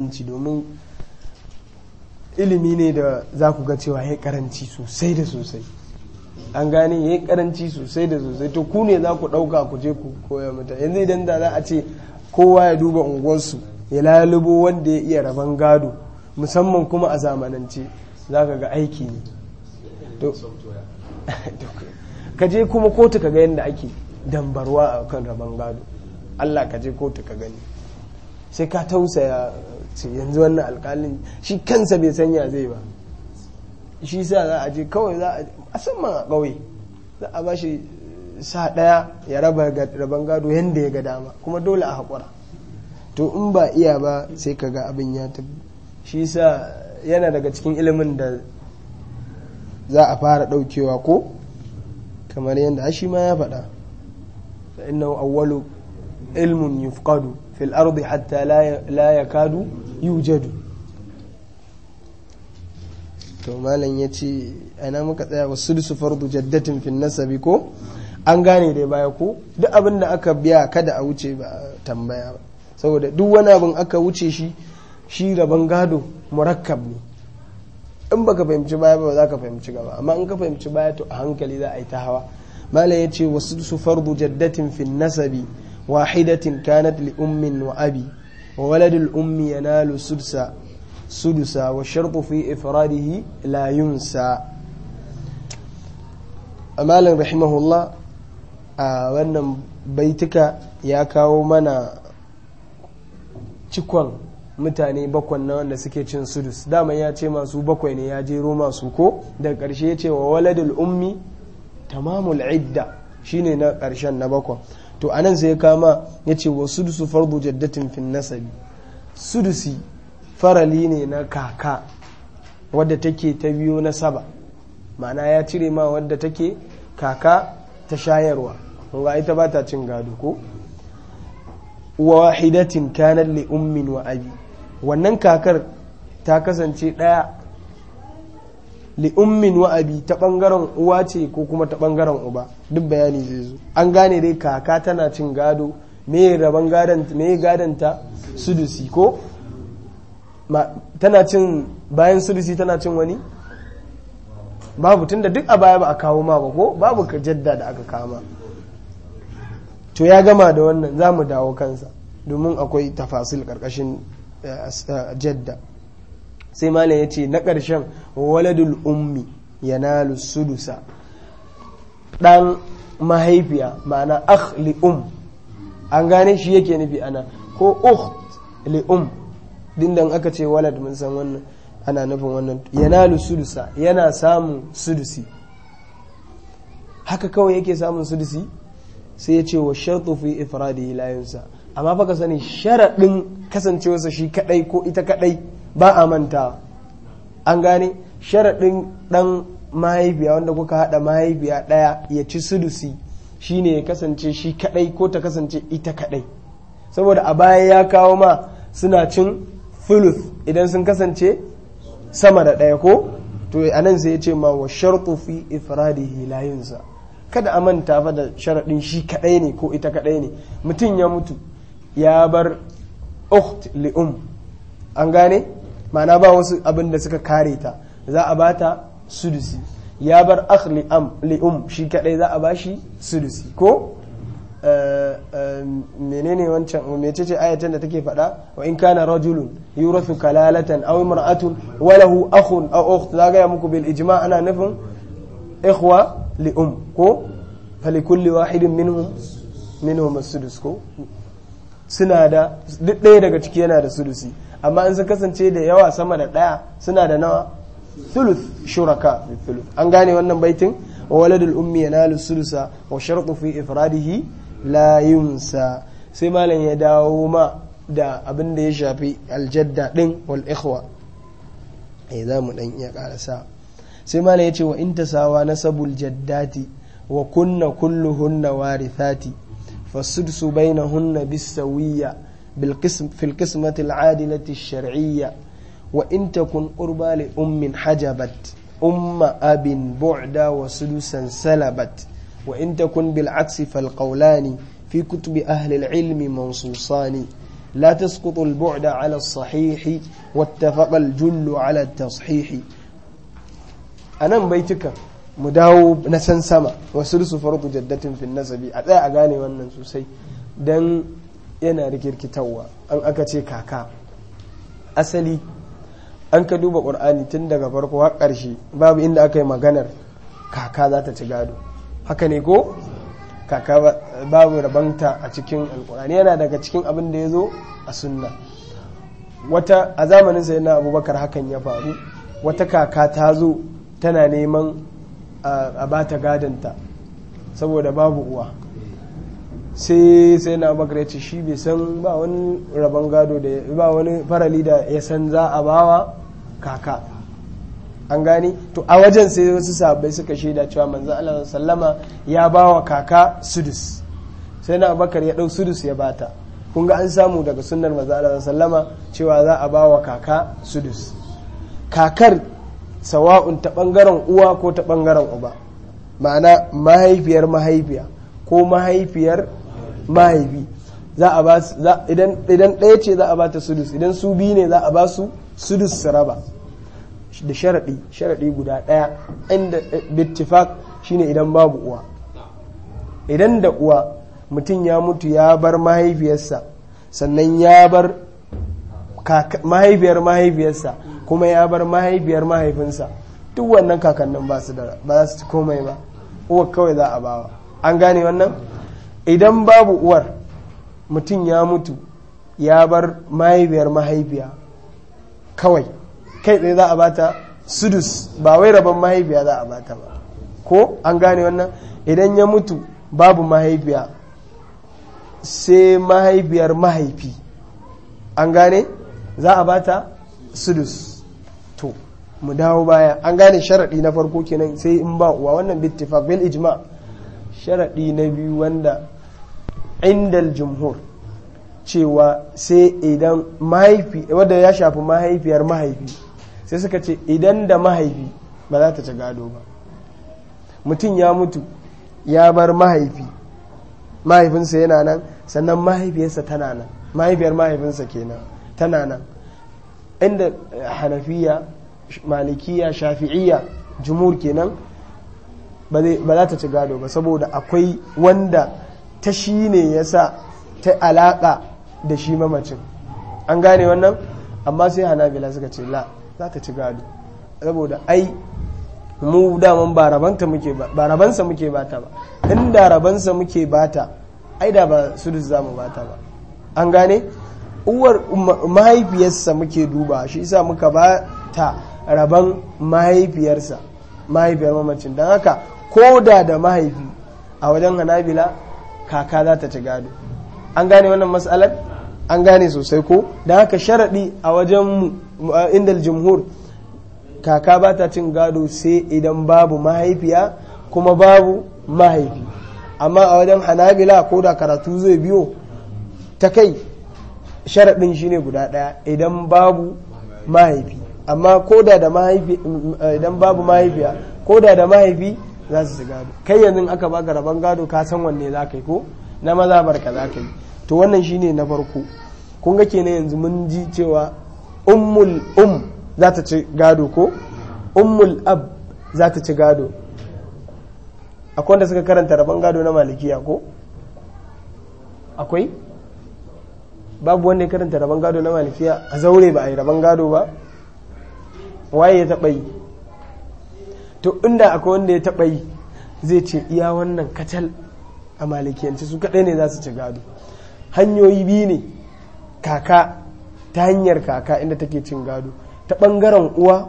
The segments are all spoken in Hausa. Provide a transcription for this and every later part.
karanci domin ilimi ne da za ku ga cewa ya karanci sosai da sosai an gane ya karanci sosai da sosai to ku ne za ku ɗauka ku je ku koya mutane yanzu idan da za a ce kowa ya duba unguwarsu ya lalubo wanda ya iya rabon gado musamman kuma a zamanance za ka ga aiki ne ka je kuma kotu ka ga yadda ake dambarwa a kan rabon gado allah ka je kotu ka gani sai ka tausaya yanzu wannan alkalin shi kansa bai sanya zai ba shi sa za a je kawai za a musamman a ƙauye za a ba shi sa ɗaya ya raba raban gado yadda ya ga dama kuma dole a haƙura to in ba iya ba sai ka ga abin ya tafi shi sa yana daga cikin ilimin da za a fara ɗaukewa ko kamar yadda shi ma ya faɗa inna awwalu ilmun yufqadu fil ardi hatta la yakadu yujadu to malam ya ce ana muka tsaya wa su fardu jaddatin fin nasabi ko an gane dai baya ko duk abin da aka biya kada a wuce ba tambaya ba saboda duk wani abin aka wuce shi shi rabon gado murakkab ne in baka fahimci baya ba za ka fahimci gaba amma in ka fahimci baya to a hankali za a yi ta hawa malam ya ce wasu su fardu jaddatin fin nasabi واحدة كانت لأم وأبي وولد الأم ينال سدسا سدسا والشرط في إفراده لا ينسى أمالا رحمه الله وأن بيتك ya kawo mana mutane bakwan na wanda suke cin sudus dama ya ce masu bakwai ne ya jero masu ko daga karshe ya ce wa waladul ummi tamamul idda shine na karshen na bakwai to a nan sai ya kama ya ce wa sudusu farbo jaddatin fin nasabi sudusi farali ne na kaka wadda take ta biyo saba ma'ana ya cire ma wadda take kaka ta shayarwa kuma ita ba ta cin gado ko wahidatin kanar li ummin wa abi wannan kakar ta kasance ɗaya li wa'abi ta ɓangaren uwa ce ko kuma ta ɓangaren uba duk bayani zai zo an gane dai kaka tana cin gado me raban gadon sudusi ko tana cin bayan sudusi tana cin wani babu tunda duk a baya ba a kawo ma ba ko babu ka jadda da aka kama to ya gama da wannan za mu dawo kansa domin akwai tafasil karkashin eh, eh, jadda sai malam ya ce na ƙarshen waladul ummi yana lusudusa ɗan mahaifiya ma'ana akh li'um an gane shi yake nufi ana ko ukht li'um dindan aka ce walad mun san wannan ana nufin wannan yanalu sudusa yana samun sudusi haka kawai yake samun sudusi sai ya ce wa shartu fi ifradi la amma fa ka sani sharaɗin kasancewarsa shi kaɗai ko ita kaɗai ba a manta an gane sharaɗin ɗan mahaifiya wanda kuka haɗa mahaifiya ɗaya ya ci sudusi ne ya kasance shi kaɗai ko ta kasance ita kaɗai saboda a baya ya kawo ma suna cin thuluth idan sun kasance sama da ɗaya ko to a nan sai ya ce ma wa shartu fi ifradihi kada a manta fa da sharaɗin shi kaɗai ne ko ita kaɗai ne mutum ya mutu ya bar ukht li'um an gane ma'ana ba wasu abin da suka kare ta za a bata sudusi ya bar akh li'um shi kadai za a bashi sudusi ko eh, eh, menene wancan mecece ayatan da take fada wa in kana rajulun yurathu kalalatan aw imra'atun wa lahu akhun aw ukht zaga ya muku bil ijma' ana nufin ikhwa li um ko fali kulli wahidin minhum minhum as-sudus ko suna da duk ɗaya daga ciki yana da sudusi amma in su kasance da yawa sama da ɗaya suna da nawa thuluth shuraka thuluth an gane wannan baitin wa waladul ummi yanalu sulusa wa sharqu fi ifradihi la sai malam ya dawo ma da abin da ya shafi aljadda din wal ikhwa eh za mu dan iya karasa sai malam ya ce wa intasawa nasabul jaddati wa kunna kulluhunna warithati fasudsu bainahunna bisawiyya بالقسم في 'adilati العادلة الشرعية wa in takun urba li ummin hajabat umma abin bu'da wa sulusan salabat wa in takun bil fal qawlani fi kutubi ahli ilmi mansusani la tasqutu al bu'da ala al sahihi wattafaqa al jullu ala al tashihi anan baituka mu dawo na san sama wa sulusu farqu jaddatin fi nasabi a tsaya a gane wannan sosai dan yana rikirkitawa an aka ce kaka asali an ka duba ƙur'ani tun daga farko har ƙarshe babu inda aka yi maganar kaka za ta ci gado haka ne ko kaka babu rabanta a cikin alƙur'ani yana daga cikin abin da ya zo a sunna wata a zamanin sai na abubakar hakan ya faru wata kaka ta zo tana neman a bata gadanta saboda babu uwa sai sai na abubakar ya ce shi bai san ba wani rabon gado da ba wani farali da ya san za a bawa kaka an gani to a wajen sai wasu sabbai suka shaida cewa manzo Allah sallama ya bawa kaka sudus sai na abakar ya dau sudus ya bata kun ga an samu daga sunnar manzo Allah sallama cewa za a bawa kaka sudus kakar sawa'un ta bangaren uwa ko ta bangaren uba ma'ana mahaifiyar mahaifiya ko mahaifiyar mahaifi za a ba idan ɗaya ce za a ba ta sudus idan su bi ne za a ba su sudus su raba da sharaɗi sharaɗi guda ɗaya inda bittifak shine idan babu uwa idan da uwa mutum ya mutu ya bar mahaifiyarsa sannan ya bar mahaifiyar mahaifiyarsa kuma ya bar mahaifiyar mahaifinsa duk wannan kakannin ba su da ba za su komai ba uwa kawai za a bawa an gane wannan idan babu uwar mutum ya mutu ya bar mahaifiyar mahaifiya kawai kai tsaye za a bata sudus ba wai rabon mahaifiya za a bata ba ko an gane wannan idan ya mutu babu mahaifiya sai mahaifiyar mahaifi an gane za a bata sudus to mu dawo baya an gane sharaɗi na farko kenan sai in ba uwa wannan bittifak bil ijma sharaɗi na biyu wanda indal jumhur cewa sai idan mahaifi wadda ya shafi mahaifiyar mahaifi sai suka ce idan da mahaifi ba za ta ci gado ba mutum ya mutu ya bar mahaifi mahaifinsa yana nan sannan mahaifiyarsa tana nan mahaifiyar mahaifinsa kenan tana nan inda eh, hanafiya malikiya shafi'iya jumur kenan ba za ta ci gado ba saboda akwai wanda ta shi ne ya sa ta alaka da shi mamacin an gane wannan amma sai hanabila suka ce la' za ta ci gado saboda ai mu daman ba muke ba rabansa muke bata ba inda rabansa muke bata ai da ba su sudus zamu bata ba an gane uwar mahaifiyarsa muke duba shi isa muka ba ta raban mahaifiyarsa mahaifiyar mamacin don haka ko da da mahaifi a wajen hanabila kaka za ta ci gado an gane wannan matsalar an gane sosai ko da haka sharaɗi a wajen inda jumhur kaka ba ta cin gado sai idan babu mahaifiya kuma babu mahaifi amma a wajen hanabila ko da karatu zai biyo ta kai sharaɗin shine guda ɗaya idan babu mahaifi amma ko da da mahaifi idan babu mahaifiya ko da da mahaifi za su su gado kai yanzu aka baka rabon gado ka san wanne za ka yi ko na maza barka za ka yi to wannan shine na farko kun ga kenan yanzu mun ji cewa ummul um za ta ci gado ko ummul ab za ta ci gado akwai wanda suka karanta rabon gado na malikiya ko akwai babu wanda ya karanta rabon gado na malikiya a zaure ba a yi rabon gado ba waye ya taɓa yi to inda akwai wanda ya taɓa yi zai ce iya wannan kacal a malikiyanci su kaɗai ne za su ci gado hanyoyi biyu ne kaka ta hanyar kaka inda take cin gado ta ɓangaren uwa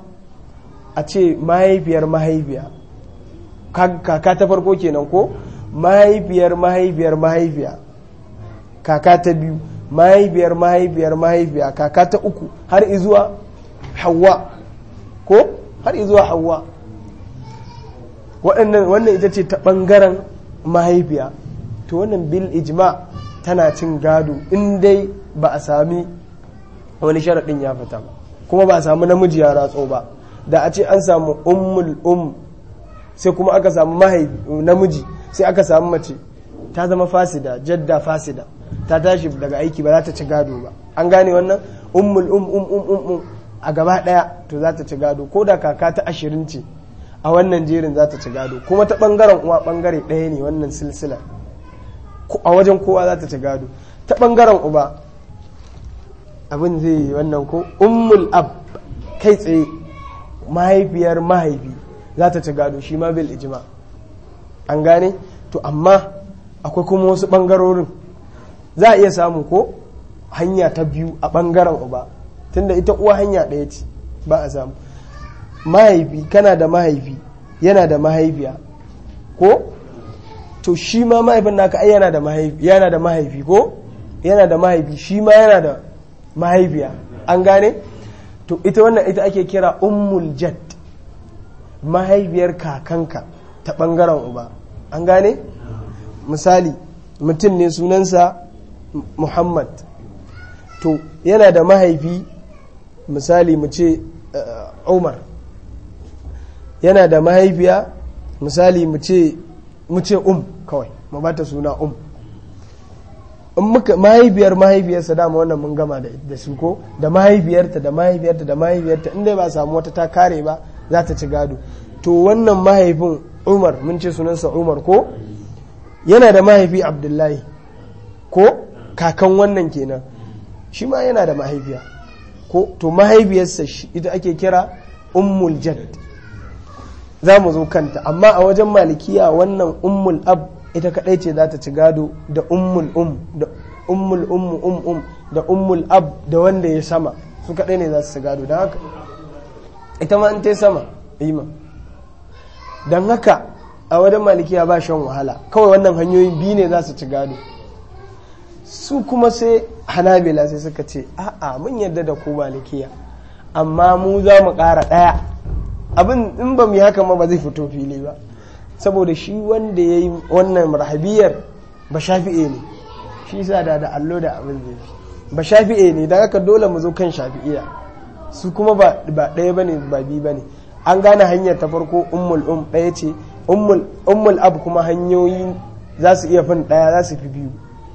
a ce mahaifiyar mahaifiya kaka ta farko kenan ko mahaifiyar mahaifiyar mahaifiya kaka ta biyu mahaifiyar mahaifiyar mahaifiya kaka ta uku har izuwa hawa ko har izuwa hawa wannan ita ce ta ɓangaren mahaifiya to wannan bil ijma tana cin gado in dai ba a sami wani sharaɗin ya fita ba kuma ba a samu namiji ya ratso ba da a ce an samu ummul um sai kuma aka samu namiji sai aka samu mace ta zama fasida jadda fasida ta tashi daga aiki ba za ta ci gado ba an gane wannan ummul um, um um um um a gaba ɗaya to za ta ci gado ko da kaka ta ashirin ce a wannan jerin za ta ci gado kuma ta ɓangaren uwa ɓangare ɗaya ne wannan silsila a wajen kowa za ta ci gado ta ɓangaren uba abin zai yi wannan ko ummul ab kai tsaye mahaifiyar mahaifi za ta ci gado shi ma bil ijima an gane to amma akwai kuma wasu ɓangarorin za a iya samu ko hanya ta biyu a ɓangaren uba tunda ita uwa hanya ɗaya ce ba a samu mahaifi kana da mahaifi yana da mahaifiya ko to shi ma mahaifin naka ai yana da mahaifi yana da mahaifi ko yana da mahaifi shi ma yana da mahaifiya an gane to ita wannan ita ake kira ummul jad mahaifiyar kakanka ta bangaren uba an gane misali mutum ne sunansa muhammad to yana da mahaifi misali mu ce eh, umar yana da mahaifiya misali mu ce mu ce um kawai mu bata suna um in muka mahaifiyar mahaifiyarsa dama wannan mun gama da su ko da mahaifiyarta da mahaifiyarta da mahaifiyarta inda ba samu wata ta kare ba za ta ci gado to wannan mahaifin umar mun ce sunansa umar ko yana da mahaifi abdullahi ko kakan wannan kenan shi ma yana da mahaifiya ko to mahaifiyarsa ita ake kira ummul jadd za mu zo kanta amma a wajen malikiya wannan ummul ab ita kadai ce za ta ci gado da ummul um da ummul ummu um um da ummul ab da wanda ya sama su kadai ne za su ci gado don haka ita ma an ta sama ima don haka a wajen malikiya ba shan wahala kawai wannan hanyoyi biyu ne za su ci gado su kuma sai hanabila sai suka ce a'a mun yadda da ku malikiya amma mu za mu ƙara ɗaya abin in ba mu haka ma ba zai fito fili ba saboda shi wanda ya yi wannan rahabiyar ba shafi'e ne shi sa da da allo da abin zai fi ba shafi'e ne don haka dole mu zo kan shafi'iya su kuma ba ɗaya ba ne ba biyu ba ne an gane hanyar ta farko ummul um ɗaya ce ummul ab kuma hanyoyi za su iya fin ɗaya za su fi biyu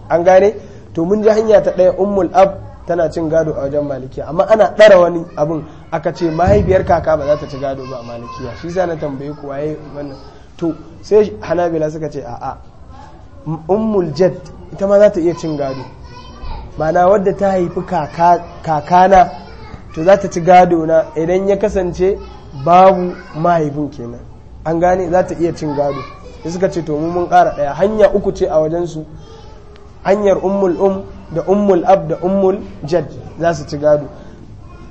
an gane to mun ji hanya ta ɗaya umul ab tana cin gado a wajen malikiya amma ana ɗara wani abin aka ce mahaifiyar kaka ba za ta ci gado ba a malikiya shi sa na tambaye ku waye wannan to sai hanabila suka ce a'a ummul jad ita ma za ta iya cin gado mana wadda ta haifi kakana to za ta ci gado na idan ya kasance babu mahaifin kenan an gane za ta iya cin gado suka ce to mun kara ɗaya hanya uku ce a wajensu hanyar ummul um da ummul ab da ummul jad za su ci gado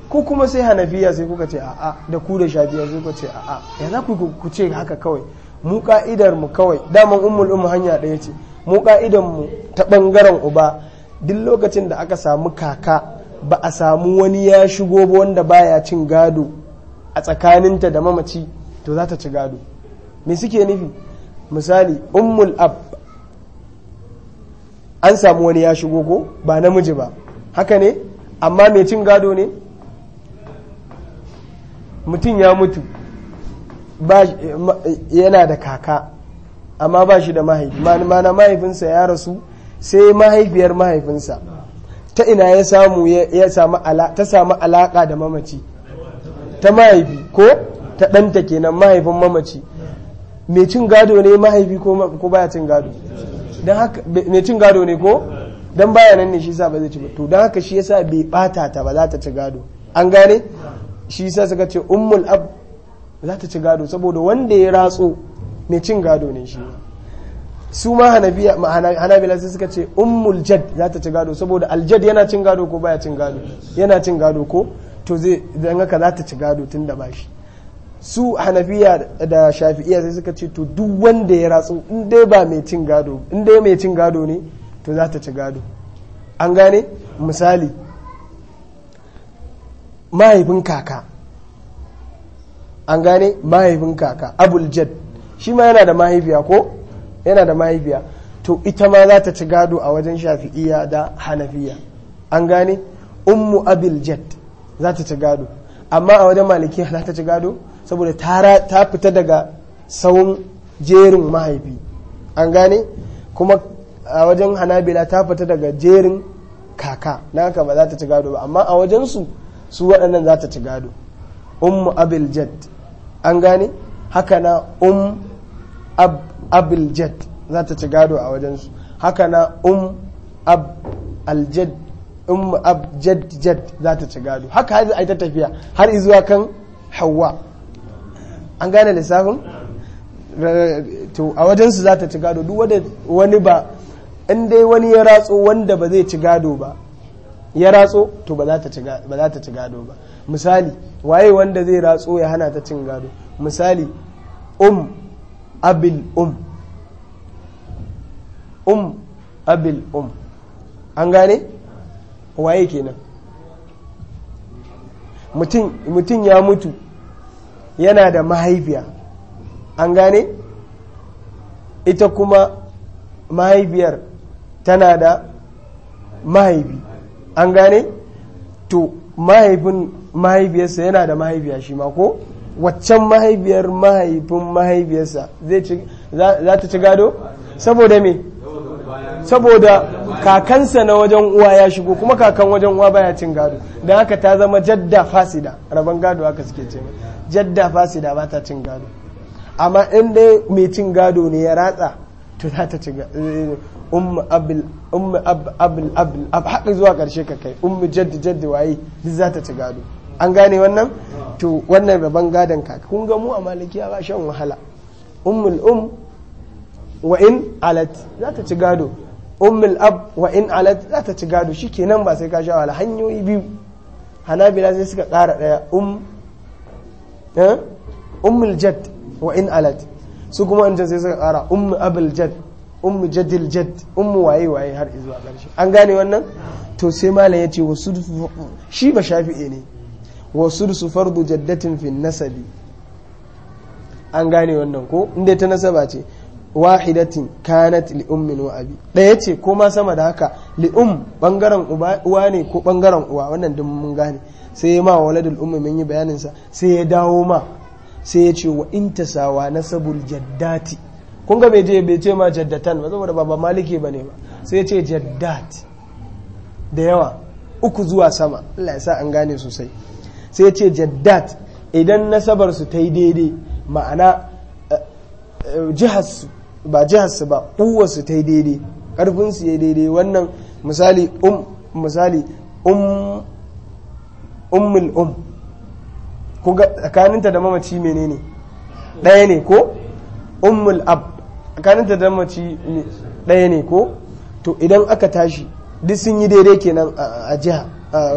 ku kuma sai hanafiya sai kuka ce a'a da ku da shafiya sai kuka ce a'a ya za ku ce haka kawai mu ka'idar mu kawai daman ummul ummu hanya ɗaya ce mu ka'idar mu ta bangaren uba duk lokacin da aka samu kaka ba a samu wani ya shigo ba wanda baya cin gado a tsakaninta da mamaci to za ta ci gado me suke nufi misali ummul ab an samu wani ya shigo ko ba namiji ba haka ne amma mai cin gado ne mutum ya mutu eh, eh, yana da kaka amma ba shi da mahaifi mana mahaifinsa ya rasu sai mahaifiyar mahaifinsa ta ina ya samu ta samu alaka da mamaci ta mahaifi ko ta ɗanta kenan mahaifin mamaci mai cin gado ne mahaifi ko baya cin gado don haka mai cin gado ne ko don baya nan ne shi sa ba zai ci ba to don haka shi yasa bai bata ta ba za ta ci gado an gane shi yasa suka ce ummul ab za ta ci gado saboda wanda ya ratso mai cin gado ne shi su ma hanabiya hanabila sai suka ce ummul jad za ta ci gado saboda aljad yana cin gado ko baya cin gado yana cin gado ko to zai dan haka za ta ci gado tun da bashi su hanafiya da shafi'iya sai suka ce to duk wanda ya ratsu in dai ba mai cin gado in dai mai cin gado ne to za ta ci gado an gane misali mahaifin kaka an gane mahaifin kaka abul jad shi ma yana da mahaifiya ko yana da mahaifiya to ita ma za ta ci gado a wajen shafi'iya da hanafiya an gane ummu abil jad za ta ci gado amma a wajen malikiya za ta ci gado saboda ta fita daga saun jerin mahaifi an gane kuma a wajen hanabila ta fita daga jerin kaka na haka ba za ta ci gado ba amma a wajensu su waɗannan za ta ci gado umu abiljad an gane haka na um abiljad za ta ci gado a wajensu haka na um abiljad umu um jad za ta ci gado haka yi ta tafiya har izuwa kan hawa an gane lissafin to a wajensu za ta ci gado duk wani ba in dai wani ya ratso wanda ba zai ci gado ba ya ratso to ba za ta ci gado ba misali waye wanda zai ratso ya hana ta cin gado misali um abil um um abil um an gane waye kenan mutum ya mutu yana da mahaifiya an gane ita kuma mahaifiyar tana da mahaifi an gane to mahaifin mahaifiyarsa yana da mahaifiya shi ma ko waccan mahaifiyar mahaifin mahaifiyarsa za ta ci gado saboda me saboda kakansa na wajen uwa ya shigo kuma kakan wajen uwa baya cin gado don haka ta zama jadda fasida rabon gado haka suke ce jadda fasida ba ta cin gado amma inda mai cin gado ne ya ratsa to za ta ci umma abil abul haka zuwa ƙarshe ka kai umma jaddi jaddi waye duk za ta ci gado an gane wannan to wannan rabon gadon kaka kun ga mu a malikiya ba shan wahala umul um wa in alat za ta ci gado ummul ab wa in alat za ta ci gado shi kenan ba sai ka sha wala hanyoyi biyu hanabila sai suka kara daya um eh, ummul jad wa in alat su kuma an sai suka kara ummu abul jad ummu jadil jad ummu waye waye har zuwa karshe an gane wannan to sai malam yace wasu shi ba shafi'i ne wasu su fardu jaddatin fi nasabi an gane wannan ko inda ta nasaba ce wahidatin kanat li'ummin wa abi ɗaya ce ko ma sama da haka li'um bangaren uwa ne ko bangaren uwa wannan duk mun gane sai ya ma waladul ummi mun yi bayanin sa sai ya dawo ma sai ya ce wa intasawa nasabul jaddati kun ga bai je bai ce ma jaddatan ba saboda baba maliki bane ba sai ya ce jaddat da yawa uku zuwa sama Allah ya sa an gane sosai sai ya ce jaddat idan nasabar su ta yi daidai ma'ana eh, eh, jihar su ba jiharsu ba uwarsu ta yi daidai ƙarfinsu ya daidai wannan misali um misali um ummul um kuga tsakaninta da mamaci menene ɗaya ne ko ummul ab tsakaninta da mamaci ɗaya ne ko to idan aka tashi duk sun yi daidai kenan a jiha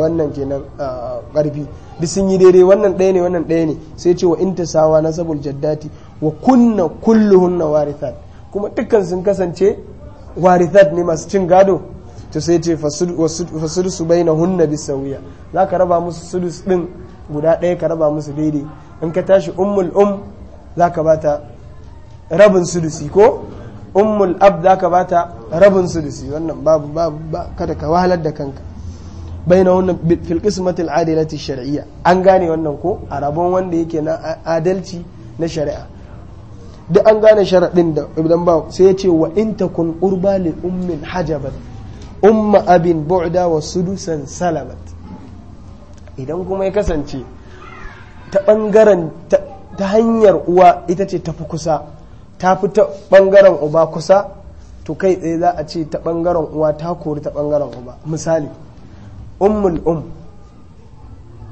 wannan kenan ƙarfi duk sun yi daidai wannan ɗaya ne wannan ɗaya ne sai ce wa inta sawa na sabul jaddati wa kunna kulluhunna warithat kuma dukkan sun kasance warithat ne masu cin gado to sai ce su bai na hunna sauya za ka raba musu sudus din guda ɗaya ka raba musu daidai in ka tashi ummul um za ka bata rabin sudusi ko ummul ab za ka bata rabin sudusi wannan babu babu kada ka wahalar da kanka bai na wannan fil qismatil adilati shari'a an gane wannan ko a rabon wanda yake na adalci na shari'a duk an gane sharaɗin da ibn ba sai ya ce wa in takun urba li ummin hajabat umma abin bu'da wa sudusan salamat idan kuma ya kasance ta ɓangaren ta hanyar uwa ita ce tafi kusa ta fi ta ɓangaren uba kusa to kai tsaye za a ce ta ɓangaren uwa ta kori ta ɓangaren uba misali ummul um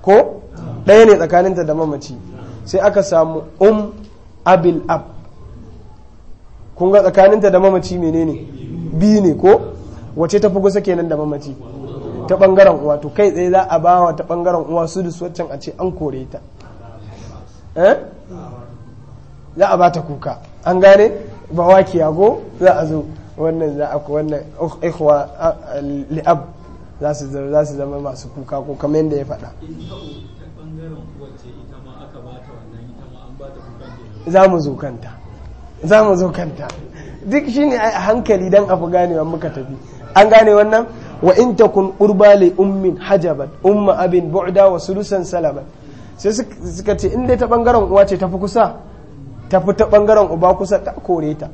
ko ɗaya ne tsakaninta da mamaci sai aka samu um abil ab kun ga tsakaninta da mamaci menene biyu ne ko wace ta fi kusa kenan da mamaci ta bangaren uwa to kai tsaye za a ba wa ta bangaren uwa su da waccan a ce an kore ta eh? za a ba ta kuka an gane ba wakiya go za a zo wannan za a ku wannan uh, ikhwa li'ab za su zama masu kuka ko kamar yadda ya faɗa za mu zo kanta za mu zo kanta duk shine a hankali dan abu ganewa muka tafi an gane wannan wa in kun urba le ummin hajaban umma abin bu'da wa sulusan salaman sai suka ce in ta bangaren uwa ce tafi kusa tafi ta bangaren uba kusa ta kore ta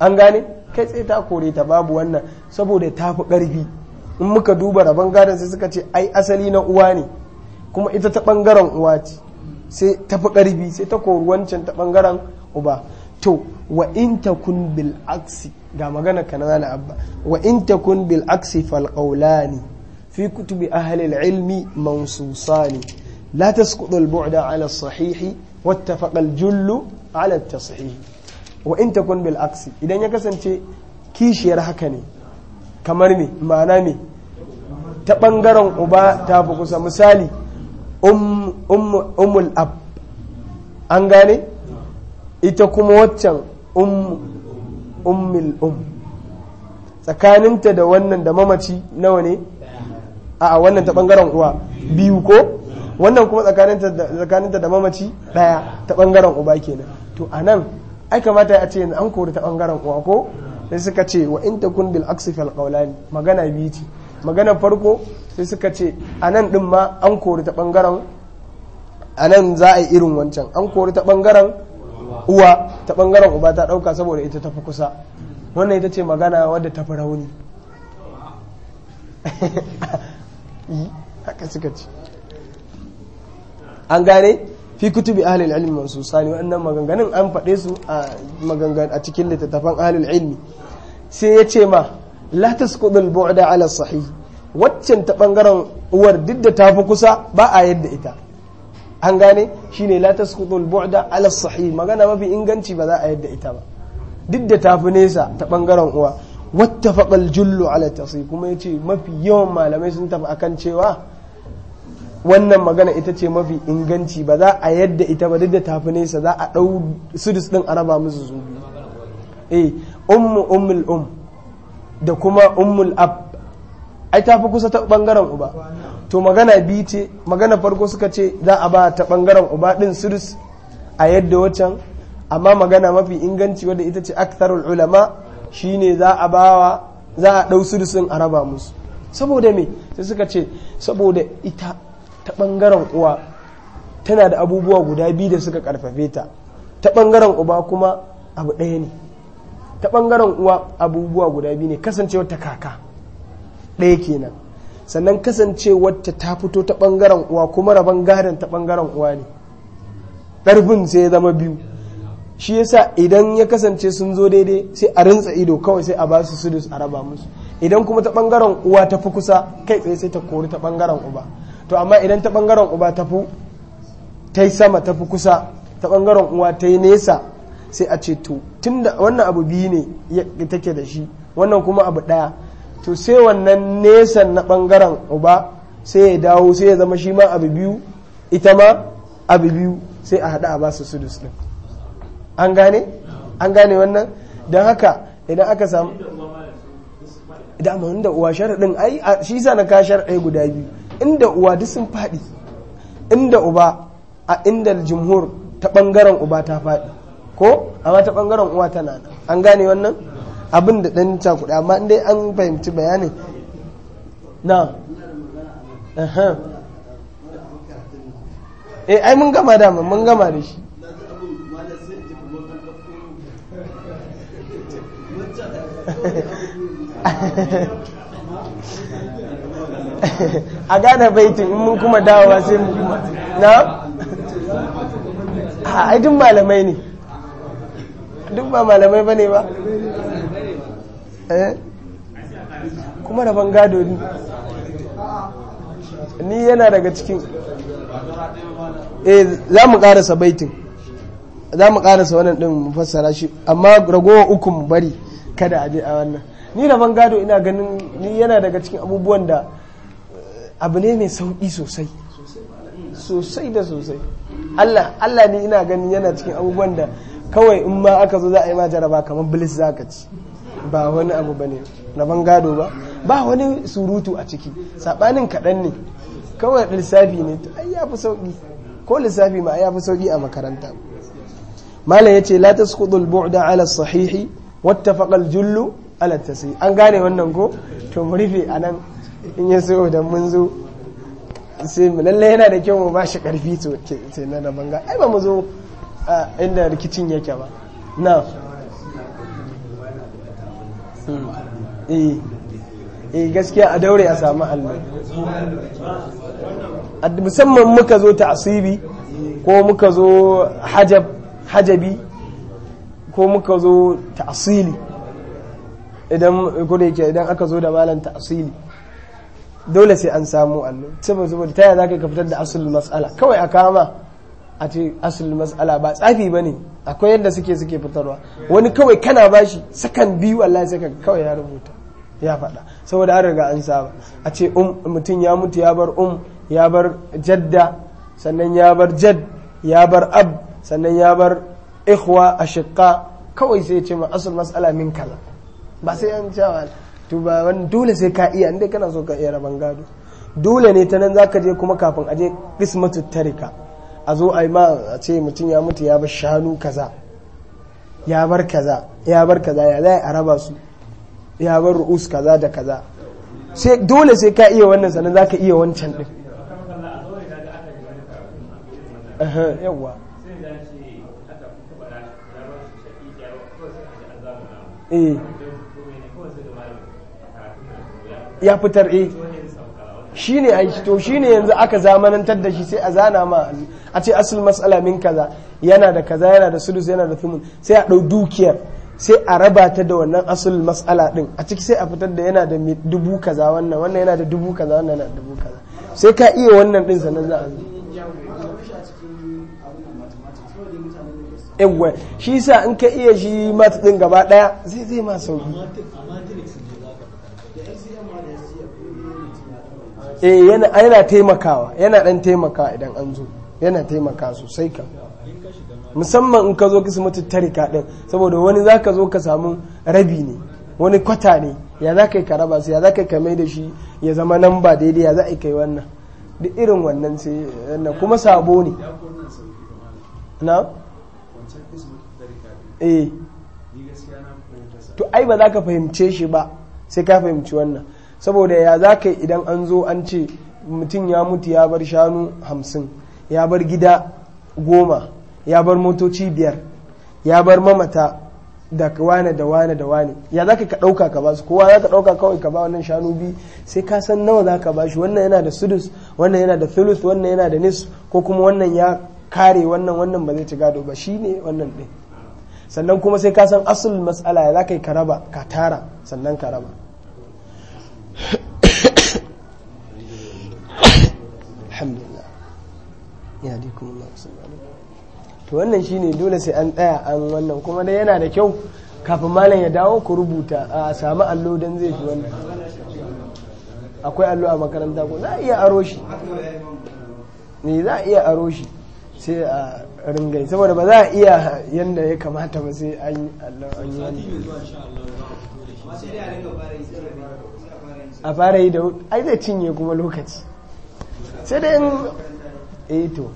an gane kai tsaye ta kore ta babu wannan saboda ta fi ƙarfi in muka duba rabon gadon sai suka ce ai asali na uwa ne kuma ita ta bangaren uwa ce sai ta fi ƙarfi sai ta kori wancan ta bangaren uba to wa in takun bil aksi ga magana na abba wa in takun bil aksi fal qawlani fi kutubi ahli al ilmi mansusani la tasqutu al bu'da ala sahihi wata al jullu ala al tashihi wa in takun bil aksi idan ya kasance kishiyar haka ne kamar ne ma'ana ne ta bangaren uba ta fi kusa misali um, um, umul ab an gane ita kuma waccan um, ummil um tsakaninta da wannan da mamaci nawa ne a wannan ta bangaren uwa biyu ko wannan kuma tsakaninta da mamaci daya ta bangaren uba kenan to a nan ai kamata a ce yanzu an kori ta bangaren uwa ko sai suka ce wa in kun bil aksi fil magana biyu ce magana farko sai suka ce a nan din ma an kori ta bangaren a nan za a yi irin wancan an kori ta bangaren uwa ta bangaren uba ta dauka saboda ita tafi kusa wannan ita ce magana wadda fi rauni haka suka ce an gane fi kutubi ahalil ilmi sani wannan maganganun an faɗe su a cikin littattafan ahalil ilmi sai ya ce ma latas kudin bu'da ala sahih waccan ta bangaren uwar duk da fi kusa ba a yadda ita an gane shine ne latas kudul buɗa alas sahi magana mafi inganci ba za a yadda ita ba duk da tafi nesa ta bangaren uwa wata al-jullu ala tasih kuma ce mafi yawan malamai sun tafi akan cewa wannan magana ita ce mafi inganci ba za a yadda ita ba duk da tafi nesa za a ɗau sudus ɗin araba musu su eh ummu ummul um da kuma ummul ab ai tafi kusa ta bangaren uba to magana biyu ce magana farko suka ce za a ba ta bangaren uba ɗin sirus a yadda wacan amma magana mafi inganci wadda ita ce aktharul ulama shine za a bawa za a dau a raba musu saboda me sai suka ce saboda ita ta bangaren uwa tana da abubuwa guda biyu da suka karfafe ta ta bangaren uba kuma abu ɗaya ne ta bangaren uwa abubuwa guda biyu ne kasancewar ta kaka ɗaya kenan sannan kasancewarta ta fito ta ɓangaren uwa kuma rabon gadon ta ɓangaren uwa ne ɗarfin sai ya zama biyu shi yasa idan ya kasance sun zo daidai sai a rinsa ido kawai sai a ba su sudus a raba musu idan kuma ta ɓangaren uwa ta fi kusa kai tsaye sai ta kori ta ɓangaren uba to amma idan ta ɓangaren uba ta fi ta yi sama ta fi kusa ta ɓangaren uwa ta yi nesa sai a ce to tunda wannan abu biyu ne take da shi wannan kuma abu ɗaya to sai wannan nesan na ɓangaren uba sai ya dawo sai ya zama shi ma abu biyu ita ma abu biyu sai a haɗa a ba su sudus ɗin an gane an gane wannan don haka idan aka samu dama inda uwa sharaɗin ai shi sa na ka sharaɗai guda biyu inda uwa duk sun faɗi inda uba a inda jimhur ta ɓangaren uba ta faɗi ko amma ta ɓangaren uwa tana an gane wannan abin da ɗan kuɗi, amma dai an fahimci bayanin na eh ai mun gama da mun gama da shi a gane baitin in mun kuma dawowa sai mun kuma na? a duk malamai ne duk ba malamai ba ne ba eh kuma ban gado ni ni yana daga cikin eh za mu karasa baitin za mu karasa wannan din mu fassara shi amma ragowa uku mu bari kada a je a wannan ni ban gado ina ganin ni yana daga cikin abubuwan da eh, abu ne mai sauki sosai sosai da sosai Allah Allah ne ina ganin yana cikin abubuwan da kawai in ma aka zo za a yi ma jaraba kamar bilis za ka ci ba wani abu ba ne rabon gado ba ba wani surutu a ciki saɓanin kaɗan ne kawai lissafi ne to ai fi sauƙi ko lissafi ma ayya fi sauƙi a makaranta malam ya ce latas tasqutu al da ala sahihi wata faƙal jullu ala tasi an gane wannan ko to mu rufe anan in ya so da mun zo sai mu lalle yana da kyau mu ba shi karfi to sai na banga ai ba mu zo inda rikicin yake ba na Eh, eh gaskiya a daure a samu allo musamman muka zo ta'asibi ko muka zo hajab hajabi ko muka zo ta'asili idan idan aka zo da malam ta'asili dole sai an samu allo saboda saboda taya zaka ka fitar da asulul mas'ala kawai a kama a ce asulul mas'ala ba tsafi ba ne. akwai yadda suke suke fitarwa wani kawai kana bashi sakan biyu wallahi sai kawai ya rubuta ya faɗa saboda an riga an saba a ce um mutum ya mutu ya bar um ya bar jadda sannan ya bar jad ya bar ab sannan ya bar ikhwa ashqa kawai sai ce ma asul mas'ala min kala ba sai an cewa to ba wani dole sai ka iya inda kana so ka iya raban gado dole ne ta nan zaka je kuma kafin a je qismatu tarika a zo a yi ma a ce mutum ya mutu ya bar shanu kaza ya bar kaza ya bar kaza ya za a raba su ya bar ru'us kaza da kaza sai dole sai ka iya wannan sannan za ka iya wancan ɗin eh. ya fitar eh shi ne aiki to shi ne yanzu aka zamanantar da shi sai a zana ma a ce asul matsala min kaza yana da kaza yana da sulus yana da fimun sai a ɗau dukiyar sai a raba ta da wannan asul matsala ɗin a ciki sai a fitar da yana da dubu kaza wannan wannan yana da dubu kaza wannan yana da dubu kaza sai ka iya wannan ɗin sannan za a zo yawwa shi sa in ka iya shi mat ɗin gaba ɗaya zai zai ma sauki eh yana yana taimakawa yana dan taimakawa idan an zo yana taimaka sosai kan musamman in ka zo kismatu tarika din saboda wani za ka zo ka samu rabi ne wani kwata ne ya za ka yi ka raba su ya za ka yi da shi ya zama nan ba daidai ya za a kai wannan duk irin wannan sai wannan kuma sabo ne na eh to ai ba za ka fahimce shi ba sai ka fahimci wannan saboda ya za ka idan an zo an ce mutum ya mutu ya bar shanu hamsin ya bar gida goma ya bar motoci biyar ya bar mamata da wane da wane da wane ya za ka ɗauka ka basu kowa za ka ɗauka kawai ka ba wannan shanu biyu sai ka san nawa za ka bashi wannan yana da sudus wannan yana da thuluth wannan yana da nis ko kuma wannan ya kare wannan wannan ba zai ci gado ba shi ne wannan ɗin sannan kuma sai ka san asul mas'ala ya za ka yi ka raba ka tara sannan ka raba alhamdulillah ya dikun to wannan shine dole sai an tsaya an wannan kuma dai yana da kyau kafin malam ya dawo ku rubuta a sami allo don zai fi wannan akwai allo a makaranta ko za a iya aro shi ne za a iya aro shi sai a ringai saboda ba za a iya yadda ya kamata ba sai an yi allo an yi wani a fara yi da ai zai cinye kuma lokaci sai dai in eh